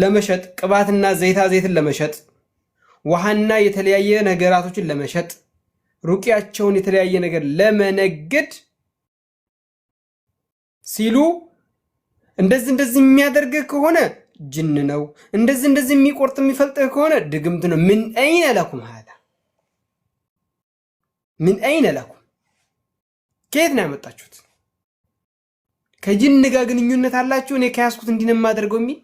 ለመሸጥ ቅባትና ዘይታ ዘይትን ለመሸጥ ውሃና የተለያየ ነገራቶችን ለመሸጥ ሩቂያቸውን የተለያየ ነገር ለመነገድ ሲሉ እንደዚህ እንደዚህ የሚያደርግህ ከሆነ ጅን ነው፣ እንደዚህ እንደዚህ የሚቆርጥ የሚፈልጥህ ከሆነ ድግምት ነው። ምን አይነ ለኩም ሀላ ምን አይነ ለኩም ከየት ነው ያመጣችሁት? ከጅን ጋር ግንኙነት አላችሁ? እኔ ከያዝኩት እንዲህ ነው የማደርገው የሚል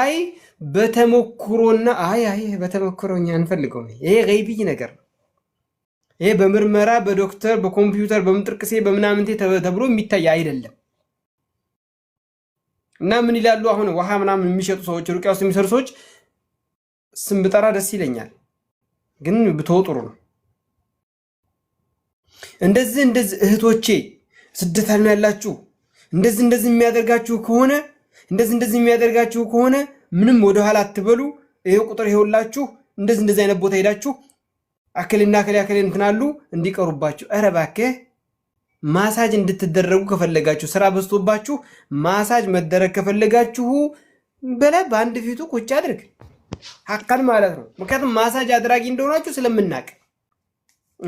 አይ በተሞክሮና አይ አይ በተሞክሮ እኛ አንፈልገውም። ይሄ ገይብይ ነገር ነው። ይሄ በምርመራ በዶክተር በኮምፒውተር በምጥርቅሴ በምናምንቴ ተብሎ የሚታይ አይደለም። እና ምን ይላሉ አሁን ውሃ ምናምን የሚሸጡ ሰዎች፣ ሩቅያ ውስጥ የሚሰሩ ሰዎች ስም ብጠራ ደስ ይለኛል፣ ግን ብትወ ጥሩ ነው። እንደዚህ እንደዚህ እህቶቼ ስደት ያላችሁ እንደዚህ እንደዚህ የሚያደርጋችሁ ከሆነ እንደዚህ እንደዚህ የሚያደርጋችሁ ከሆነ ምንም ወደኋላ አትበሉ። ይሄው ቁጥር ይሄውላችሁ፣ እንደዚህ እንደዚህ አይነት ቦታ ሄዳችሁ አክልና አክል አክል እንትናሉ እንዲቀሩባችሁ። ኧረ እባክህ ማሳጅ እንድትደረጉ ከፈለጋችሁ ስራ በዝቶባችሁ ማሳጅ መደረግ ከፈለጋችሁ በላይ በአንድ ፊቱ ቁጭ አድርግ ሀካን ማለት ነው። ምክንያቱም ማሳጅ አድራጊ እንደሆናችሁ ስለምናቅ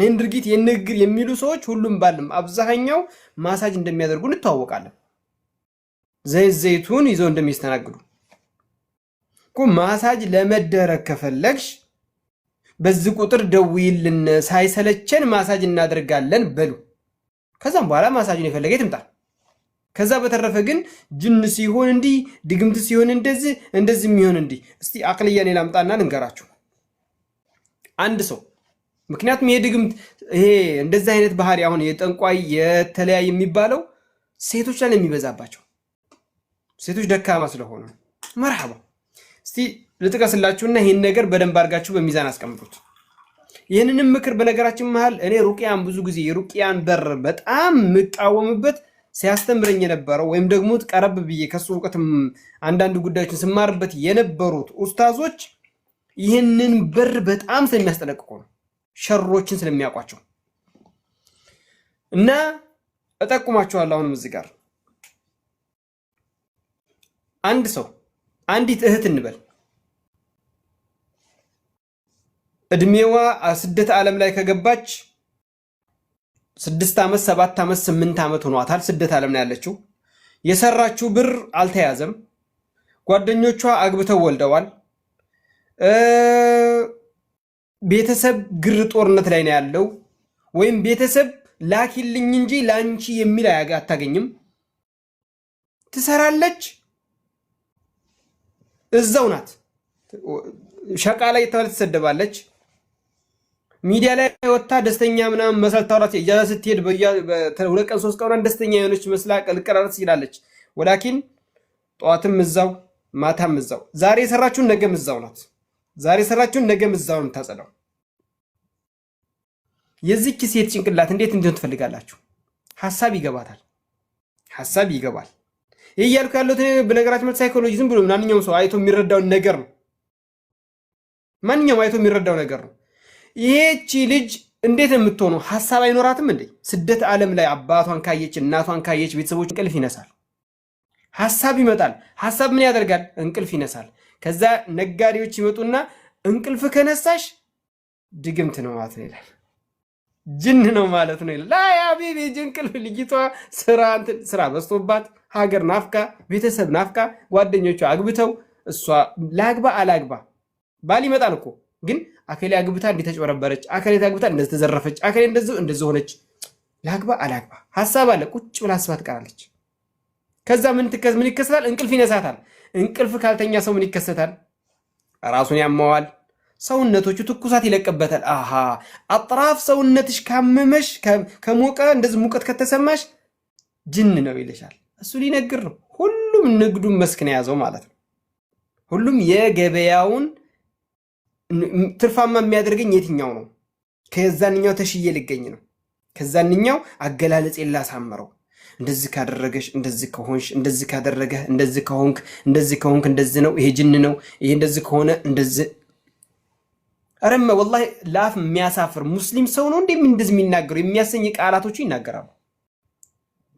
ይህን ድርጊት የንግግር የሚሉ ሰዎች ሁሉም ባልም አብዛኛው ማሳጅ እንደሚያደርጉ እንተዋወቃለን። ዘይት ዘይቱን ይዘው እንደሚያስተናግዱ ማሳጅ ለመደረግ ከፈለግሽ በዚህ ቁጥር ደውይልን፣ ሳይሰለቸን ማሳጅ እናደርጋለን በሉ። ከዛም በኋላ ማሳጅን የፈለገ ትምጣ። ከዛ በተረፈ ግን ጅን ሲሆን እንዲህ፣ ድግምት ሲሆን እንደዚህ፣ እንደዚህ የሚሆን እንዲህ። እስቲ አቅልያን ላምጣና ልንገራችሁ። አንድ ሰው ምክንያቱም ይሄ ድግምት ይሄ እንደዚህ አይነት ባህሪ አሁን የጠንቋይ የተለያየ የሚባለው ሴቶች ላይ የሚበዛባቸው ሴቶች ደካማ ስለሆኑ መርሐባ እስቲ ልጥቀስላችሁና ይህን ነገር በደንብ አድርጋችሁ በሚዛን አስቀምጡት። ይህንንም ምክር በነገራችን መሀል እኔ ሩቅያን ብዙ ጊዜ የሩቅያን በር በጣም የምቃወምበት ሲያስተምረኝ የነበረው ወይም ደግሞ ቀረብ ብዬ ከሱ እውቀት አንዳንድ ጉዳዮችን ስማርበት የነበሩት ኡስታዞች ይህንን በር በጣም ስለሚያስጠነቅቁ ነው፣ ሸሮችን ስለሚያውቋቸው እና እጠቁማችኋለሁ አሁንም እዚህ ጋር አንድ ሰው አንዲት እህት እንበል እድሜዋ ስደት ዓለም ላይ ከገባች ስድስት ዓመት ሰባት ዓመት ስምንት ዓመት ሆኗታል። ስደት ዓለም ነው ያለችው። የሰራችው ብር አልተያዘም። ጓደኞቿ አግብተው ወልደዋል። ቤተሰብ ግር ጦርነት ላይ ነው ያለው። ወይም ቤተሰብ ላኪልኝ እንጂ ላንቺ የሚል አታገኝም። ትሰራለች እዛው ናት። ሸቃ ላይ የተባለ ትሰደባለች። ሚዲያ ላይ ወታ ደስተኛ ምናምን መሰል ታውራት እጃዛ ስትሄድ ሁለት ቀን ሶስት ቀን ደስተኛ የሆነች መስላ ቀልቀራረት ትችላለች። ወላኪን ጠዋትም እዛው ማታም እዛው፣ ዛሬ የሰራችሁን ነገም እዛው ናት። ዛሬ የሰራችሁን ነገም እዛው ነው የምታጸዳው። የዚህች ሴት ጭንቅላት እንዴት እንዲሆን ትፈልጋላችሁ? ሀሳብ ይገባታል። ሀሳብ ይገባል። ይህ እያልኩ ያለሁት በነገራችን መልክ ሳይኮሎጂ ዝም ብሎ ማንኛውም ሰው አይቶ የሚረዳውን ነገር ነው። ማንኛውም አይቶ የሚረዳው ነገር ነው። ይሄቺ ልጅ እንዴት ነው የምትሆነው ሀሳብ አይኖራትም እንዴ? ስደት ዓለም ላይ አባቷን ካየች እናቷን ካየች ቤተሰቦች እንቅልፍ ይነሳል፣ ሀሳብ ይመጣል። ሀሳብ ምን ያደርጋል? እንቅልፍ ይነሳል። ከዛ ነጋዴዎች ይመጡና እንቅልፍ ከነሳሽ ድግምት ነው ማለት ነው ይላል። ጅን ነው ማለት ነው ይላል። ላይ አቢቢ ጅንቅልፍ ልጅቷ ስራ ስራ በዝቶባት ሀገር ናፍቃ ቤተሰብ ናፍቃ ጓደኞቿ አግብተው እሷ ላግባ አላግባ ባል ይመጣል እኮ ግን አከሌ አግብታ እንደተጨበረበረች አከሌ አግብታ እንደዚህ ተዘረፈች አከሌ እንደዚህ ሆነች ላግባ አላግባ ሀሳብ አለ ቁጭ ብላ ሀሳብ ትቀራለች ከዛ ምን ምን ይከሰታል እንቅልፍ ይነሳታል እንቅልፍ ካልተኛ ሰው ምን ይከሰታል ራሱን ያማዋል ሰውነቶቹ ትኩሳት ይለቅበታል አሃ አጥራፍ ሰውነትሽ ካመመሽ ከሞቀ እንደዚህ ሙቀት ከተሰማሽ ጅን ነው ይልሻል እሱ ሊነግር ነው። ሁሉም ንግዱን መስክን የያዘው ማለት ነው። ሁሉም የገበያውን ትርፋማ የሚያደርገኝ የትኛው ነው? ከዛንኛው ተሽዬ ልገኝ ነው። ከዛንኛው አገላለጽ ላሳምረው። እንደዚህ ካደረገሽ፣ እንደዚህ ከሆንሽ፣ እንደዚህ ካደረገ እንደዚህ ከሆንክ፣ እንደዚህ ከሆንክ፣ እንደዚህ ነው፣ ይሄ ጅን ነው፣ ይሄ እንደዚህ ከሆነ እንደዚህ ረመ ወላሂ ለአፍ የሚያሳፍር ሙስሊም ሰው ነው እንዴ እንደዚህ የሚናገሩ የሚያሰኝ ቃላቶቹ ይናገራሉ።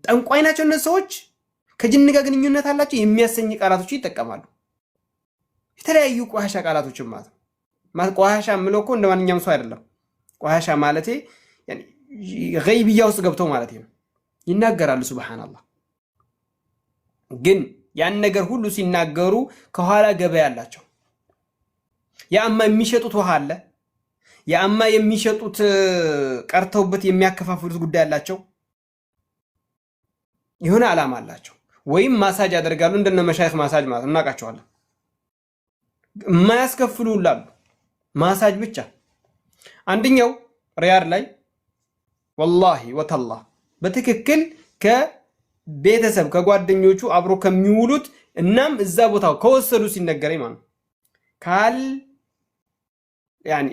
ጠንቋይ ናቸው እነዚህ ሰዎች። ከጅን ጋር ግንኙነት አላቸው የሚያሰኝ ቃላቶች ይጠቀማሉ። የተለያዩ ቆሻሻ ቃላቶችን ማለት ነው። ቆሻሻ የምለው እኮ እንደ ማንኛውም ሰው አይደለም። ቆሻሻ ማለቴ ገይብያ ውስጥ ገብተው ማለት ነው ይናገራሉ። ሱብሃነላህ ግን ያን ነገር ሁሉ ሲናገሩ ከኋላ ገበያ አላቸው። የአማ የሚሸጡት ውሃ አለ። የአማ የሚሸጡት ቀርተውበት የሚያከፋፍሉት ጉዳይ አላቸው። የሆነ ዓላማ አላቸው። ወይም ማሳጅ ያደርጋሉ። እንደነ መሻይክ ማሳጅ ማለት እናውቃቸዋለን። የማያስከፍሉ ማሳጅ ብቻ። አንደኛው ሪያድ ላይ ወላሂ ወተላ በትክክል ከቤተሰብ ከጓደኞቹ አብሮ ከሚውሉት እናም እዛ ቦታው ከወሰዱ ሲነገረኝ ማለት ካል ያኒ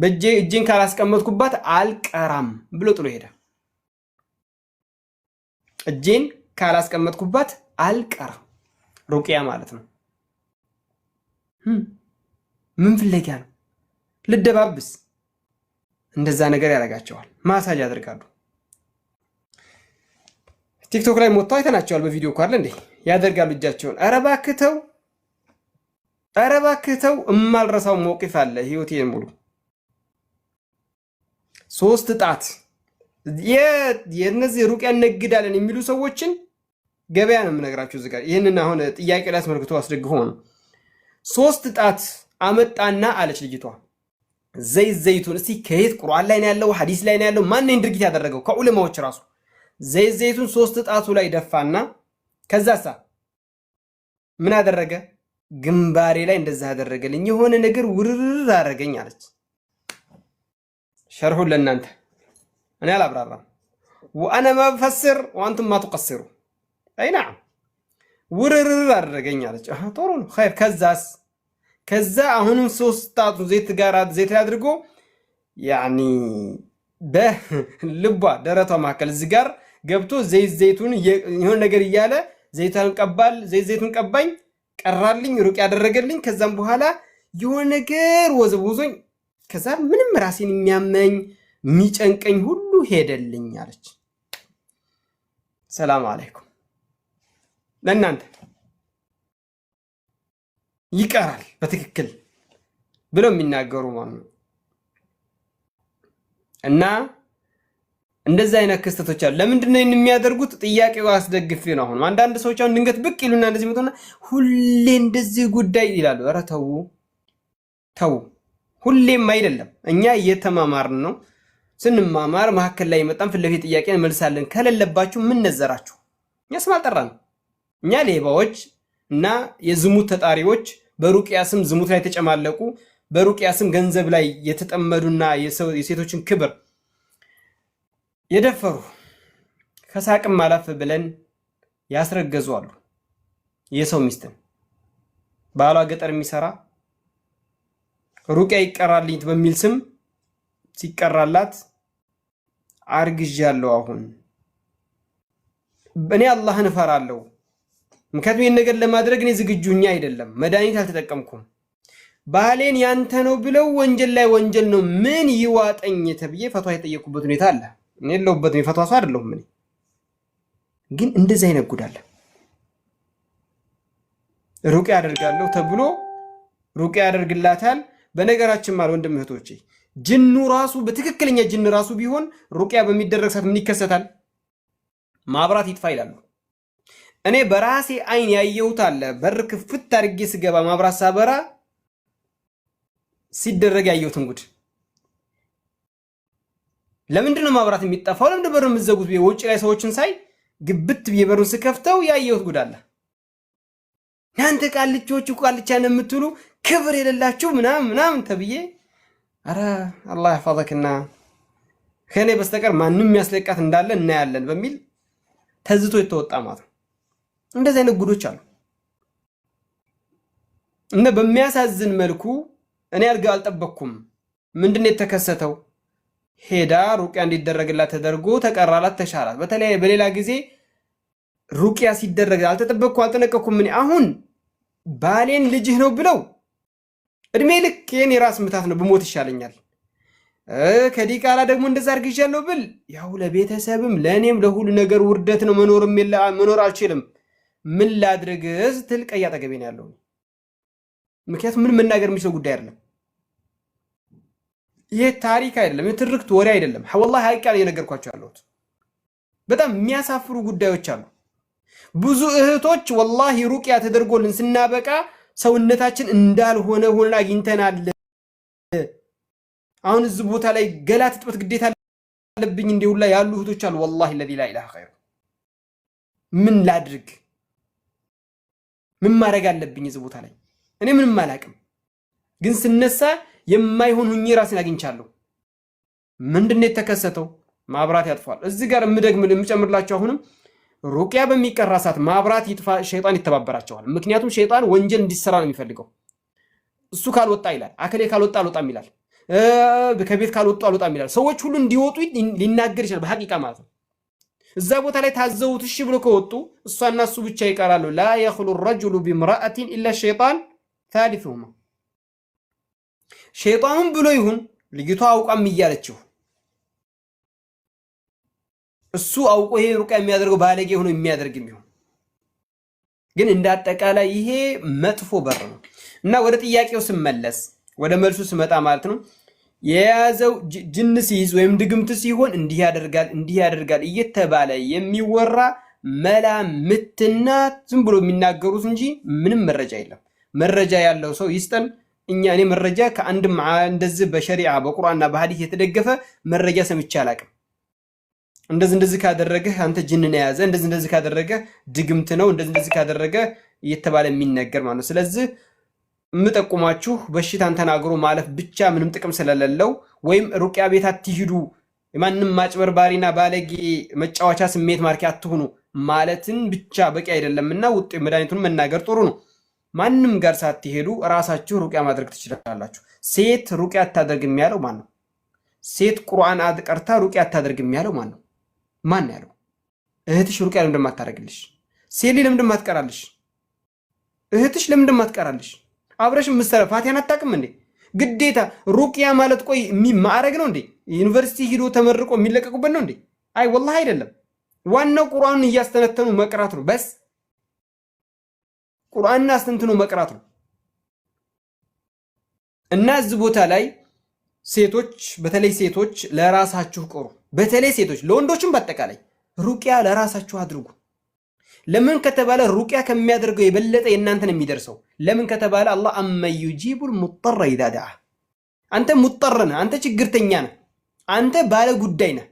በእጄ እጄን ካላስቀመጥኩባት አልቀራም ብሎ ጥሎ ሄደ። እጄን ካላስቀመጥኩባት አልቀርም። ሩቅያ ማለት ነው። ምን ፍለጊያ ነው ልደባብስ? እንደዛ ነገር ያደርጋቸዋል። ማሳጅ ያደርጋሉ። ቲክቶክ ላይ ሞጥተው አይተናቸዋል። በቪዲዮ ኳለ እንዴ ያደርጋሉ እጃቸውን። ኧረ እባክህ ተው፣ ኧረ እባክህ ተው። እማልረሳው መውቂፍ አለ ህይወቴን ሙሉ ሶስት ጣት የእነዚህ ሩቅያ እነግዳለን የሚሉ ሰዎችን ገበያ ነው የምነግራቸው። እዚህ ጋር ይህንን አሁን ጥያቄ ላይ አስመልክቶ አስደግፎ ነው። ሶስት ጣት አመጣና አለች ልጅቷ ዘይት ዘይቱን። እስቲ ከየት ቁርአን ላይ ነው ያለው? ሀዲስ ላይ ነው ያለው? ማን ድርጊት ያደረገው? ከዑለማዎች ራሱ ዘይት ዘይቱን ሶስት ጣቱ ላይ ደፋና ከዛሳ ምን አደረገ? ግንባሬ ላይ እንደዛ ያደረገልኝ የሆነ ነገር ውርርር አደረገኝ አለች። ሸርሁን ለእናንተ እኔ አላብራራም። ወአነ መፈስር ወአንቱም ማ ቱቀስሩ አይናም ውርርር አደረገኝ አለች። ጥሩ ነው ኸይር። ከዛስ ከዛ አሁንም ሶስት ጣቱ ዘይት ጋር ዘይት አድርጎ ያኒ በልቧ ደረቷ መካከል እዚህ ጋር ገብቶ ዘይት ዘይቱን የሆነ ነገር እያለ ዘይቱን ቀባል ዘይት ዘይቱን ቀባኝ ቀራልኝ ሩቅ ያደረገልኝ። ከዛም በኋላ የሆነ ነገር ወዘውዞኝ ከዛ ምንም ራሴን የሚያመኝ የሚጨንቀኝ ሁሉ ሄደልኝ አለች። ሰላም አለይኩም ለእናንተ ይቀራል በትክክል ብለው የሚናገሩ ማለት ነው። እና እንደዚህ አይነት ክስተቶች አሉ። ለምንድን ነው የሚያደርጉት? ጥያቄው አስደግፌ ነው። አሁን አንዳንድ ሰዎች አሁን ድንገት ብቅ ይሉና እንደዚህ መጡና ሁሌ እንደዚህ ጉዳይ ይላሉ። ኧረ ተዉ ተው፣ ሁሌም አይደለም እኛ እየተማማርን ነው። ስንማማር መካከል ላይ የመጣን ፊት ለፊት ጥያቄ እንመልሳለን። ከሌለባችሁ ምን ነዘራችሁ? እኛ ስም አልጠራን። እኛ ሌባዎች እና የዝሙት ተጣሪዎች በሩቅያ ስም ዝሙት ላይ የተጨማለቁ በሩቅያ ስም ገንዘብ ላይ የተጠመዱና የሴቶችን ክብር የደፈሩ ከሳቅም አላፍ ብለን ያስረገዙ አሉ። የሰው ሚስትን ባሏ ገጠር የሚሰራ ሩቅያ ይቀራልኝ በሚል ስም ሲቀራላት አርግዣለሁ። አሁን እኔ አላህን እፈራለሁ። ምክንያቱም ይህን ነገር ለማድረግ እኔ ዝግጁኛ አይደለም፣ መድኃኒት አልተጠቀምኩም። ባህሌን ያንተ ነው ብለው ወንጀል ላይ ወንጀል ነው ምን ይዋጠኝ ተብዬ ፈቷ የጠየቁበት ሁኔታ አለ። እኔ የለሁበትም፣ የፈቷ ሰው አይደለሁም። ምን ግን እንደዚህ አይነት ሩቅ ያደርጋለሁ ተብሎ ሩቅ ያደርግላታል። በነገራችን ማል ወንድም እህቶቼ ጅኑ ራሱ በትክክለኛ ጅን ራሱ ቢሆን ሩቅያ በሚደረግ ሰዓት ምን ይከሰታል? ማብራት ይጥፋ ይላሉ። እኔ በራሴ አይን ያየሁት አለ። በር ክፍት አድርጌ ስገባ ማብራት ሳበራ ሲደረግ ያየሁትን ጉድ። ለምንድን ነው ማብራት የሚጠፋው? ለምንድን በር የምትዘጉት? ውጭ ላይ ሰዎችን ሳይ ግብት ብዬ በሩን ስከፍተው ያየሁት ጉድ አለ። እናንተ ቃልቾቹ ቃልቻ ነው የምትሉ ክብር የሌላችሁ ምናምን ምናምን ተብዬ አረ አላህ ያፋዘክና ከእኔ በስተቀር ማንም የሚያስለቃት እንዳለ እናያለን በሚል ተዝቶ የተወጣ ማለት ነው። እንደዚህ አይነት ጉዶች አሉ እነ በሚያሳዝን መልኩ እኔ አልጋ አልጠበቅኩም። ምንድን ነው የተከሰተው? ሄዳ ሩቅያ እንዲደረግላት ተደርጎ ተቀራላት፣ ተሻላት። በተለይ በሌላ ጊዜ ሩቅያ ሲደረግ አልተጠበቅኩ አልጠነቀኩም። እኔ አሁን ባሌን ልጅህ ነው ብለው እድሜ ልክ ይህን የራስ ምታት ነው፣ ብሞት ይሻለኛል። ከዲቃላ ደግሞ እንደዛ አርግዣለሁ ብል ያው ለቤተሰብም ለእኔም ለሁሉ ነገር ውርደት ነው። መኖር አልችልም። ምን ላድርግ ስትል ቀይ አጠገቤ ነው ያለው። ምክንያቱም ምን መናገር የሚችለው ጉዳይ አይደለም። ይሄ ታሪክ አይደለም፣ የትርክት ወሬ አይደለም። ወላሂ ሀቂቃ እየነገርኳቸው ያለሁት። በጣም የሚያሳፍሩ ጉዳዮች አሉ። ብዙ እህቶች ወላሂ ሩቅያ ተደርጎልን ስናበቃ ሰውነታችን እንዳልሆነ ሆነን አግኝተናል። አሁን እዚህ ቦታ ላይ ገላ ትጥበት ግዴታ አለብኝ ላይ ያሉ እህቶች አሉ። ወላሂ ለዚ ላ ኢላሃ ኸይሩ ምን ላድርግ? ምን ማድረግ አለብኝ? እዚህ ቦታ ላይ እኔ ምንም አላቅም፣ ግን ስነሳ የማይሆን ሁኜ ራሴን አግኝቻለሁ። ምንድን ነው የተከሰተው? ማብራት ያጥፏል። እዚህ ጋር የምደግም የምጨምርላቸው አሁንም ሩቅያ በሚቀራ ሰዓት ማብራት ይጥፋ፣ ሸይጣን ይተባበራቸዋል። ምክንያቱም ሸይጣን ወንጀል እንዲሰራ ነው የሚፈልገው። እሱ ካልወጣ ይላል፣ አከሌ ካልወጣ አልወጣም ይላል፣ ከቤት ካልወጡ አልወጣም ይላል። ሰዎች ሁሉ እንዲወጡ ሊናገር ይችላል፣ በሐቂቃ ማለት ነው። እዛ ቦታ ላይ ታዘውት እሺ ብሎ ከወጡ እሷና እሱ ብቻ ይቀራሉ። ላ የክሉ ረጅሉ ቢምራአቲን ኢላ ሸይጣን ታሊፍሁማ። ሸይጣኑም ብሎ ይሁን ልጅቷ አውቃም እያለችው እሱ አውቆ ይሄ ሩቃ የሚያደርገው ባለጌ ሆኖ የሚያደርግ የሚሆን ግን እንደ አጠቃላይ ይሄ መጥፎ በር ነው እና ወደ ጥያቄው ስመለስ ወደ መልሱ ስመጣ ማለት ነው የያዘው ጅን ሲይዝ ወይም ድግምት ሲሆን እንዲህ ያደርጋል እንዲህ ያደርጋል እየተባለ የሚወራ መላምትና ዝም ብሎ የሚናገሩት እንጂ ምንም መረጃ የለም። መረጃ ያለው ሰው ይስጠን። እኛ እኔ መረጃ ከአንድም እንደዚህ በሸሪዓ በቁርአንና በሐዲስ የተደገፈ መረጃ ሰምቼ አላቅም። እንደዚህ እንደዚህ ካደረገ አንተ ጅንን የያዘ እንደዚህ እንደዚህ ካደረገ ድግምት ነው፣ እንደዚህ እንደዚህ ካደረገ እየተባለ የሚነገር ማለት ነው። ስለዚህ የምጠቁማችሁ በሽታን ተናግሮ ማለፍ ብቻ ምንም ጥቅም ስለሌለው ወይም ሩቅያ ቤት አትሂዱ፣ የማንም ማጭበርባሪና ባለጌ መጫወቻ ስሜት ማርኪ አትሁኑ ማለትን ብቻ በቂ አይደለም እና ውጤ መድኃኒቱን መናገር ጥሩ ነው። ማንም ጋር ሳትሄዱ ራሳችሁ ሩቅያ ማድረግ ትችላላችሁ። ሴት ሩቅያ አታደርግ የሚያለው ማን ነው? ሴት ቁርአን አትቀርታ ሩቅያ አታደርግ የሚያለው ማን ነው? ማን ያለው? እህትሽ ሩቅያ ለምንድን እንደማታደርግልሽ? ሴሊ ለምን እንደማትቀራልሽ? እህትሽ ለምን እንደማትቀራልሽ? አብረሽ ምሰረ ፋቲያን አታውቅም እንዴ? ግዴታ ሩቅያ ማለት ቆይ ማዕረግ ነው እንዴ? ዩኒቨርሲቲ ሂዶ ተመርቆ የሚለቀቁበት ነው እንዴ? አይ ወላሂ አይደለም። ዋናው ቁርአኑን እያስተነተኑ መቅራት ነው። በስ ቁርአንን አስተንትኖ መቅራት ነው። እና እዚህ ቦታ ላይ ሴቶች፣ በተለይ ሴቶች ለራሳችሁ ቁሩ። በተለይ ሴቶች፣ ለወንዶችም በአጠቃላይ ሩቅያ ለራሳችሁ አድርጉ። ለምን ከተባለ ሩቅያ ከሚያደርገው የበለጠ የእናንተን የሚደርሰው ለምን ከተባለ አላህ አመዩጂቡል ዩጂቡል ሙጠረ ኢዛ ደዓ። አንተ ሙጠር ነህ፣ አንተ ችግርተኛ ነህ፣ አንተ ባለ ጉዳይ ነህ፣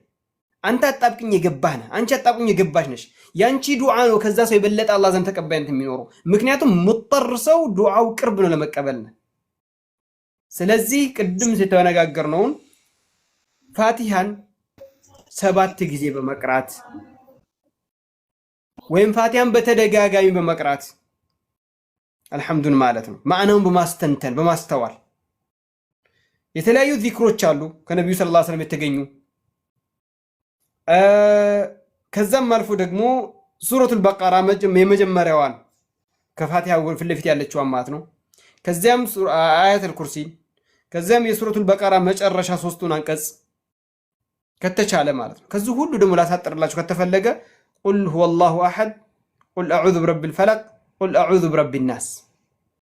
አንተ አጣብቅኝ የገባህ ነህ፣ አንቺ አጣብቅኝ የገባሽ ነሽ። ያንቺ ዱዓ ነው ከዛ ሰው የበለጠ አላህ ዘንድ ተቀባይነት የሚኖረው። ምክንያቱም ሙጠር ሰው ዱዓው ቅርብ ነው ለመቀበል ነህ። ስለዚህ ቅድም የተነጋገርነውን ፋቲሃን ሰባት ጊዜ በመቅራት ወይም ፋቲያን በተደጋጋሚ በመቅራት አልሐምዱን ማለት ነው። ማዕናውን በማስተንተን በማስተዋል የተለያዩ ዚክሮች አሉ ከነቢዩ ስለ ላ ስለም የተገኙ ከዛም አልፎ ደግሞ ሱረቱል በቃራ የመጀመሪያዋን ከፋቲሃ ፊት ለፊት ያለችዋን ማለት ነው። ከዚያም አያተል ኩርሲን ከዚያም የሱረቱል በቃራ መጨረሻ ሶስቱን አንቀጽ ከተቻለ ማለት ነው። ከዚህ ሁሉ ደግሞ ላሳጠርላችሁ ከተፈለገ ቁል ሁወላሁ አሐድ ቁል አዑዙ ብረቢል ፈለቅ ቁል አዑዙ ብረቢን ናስ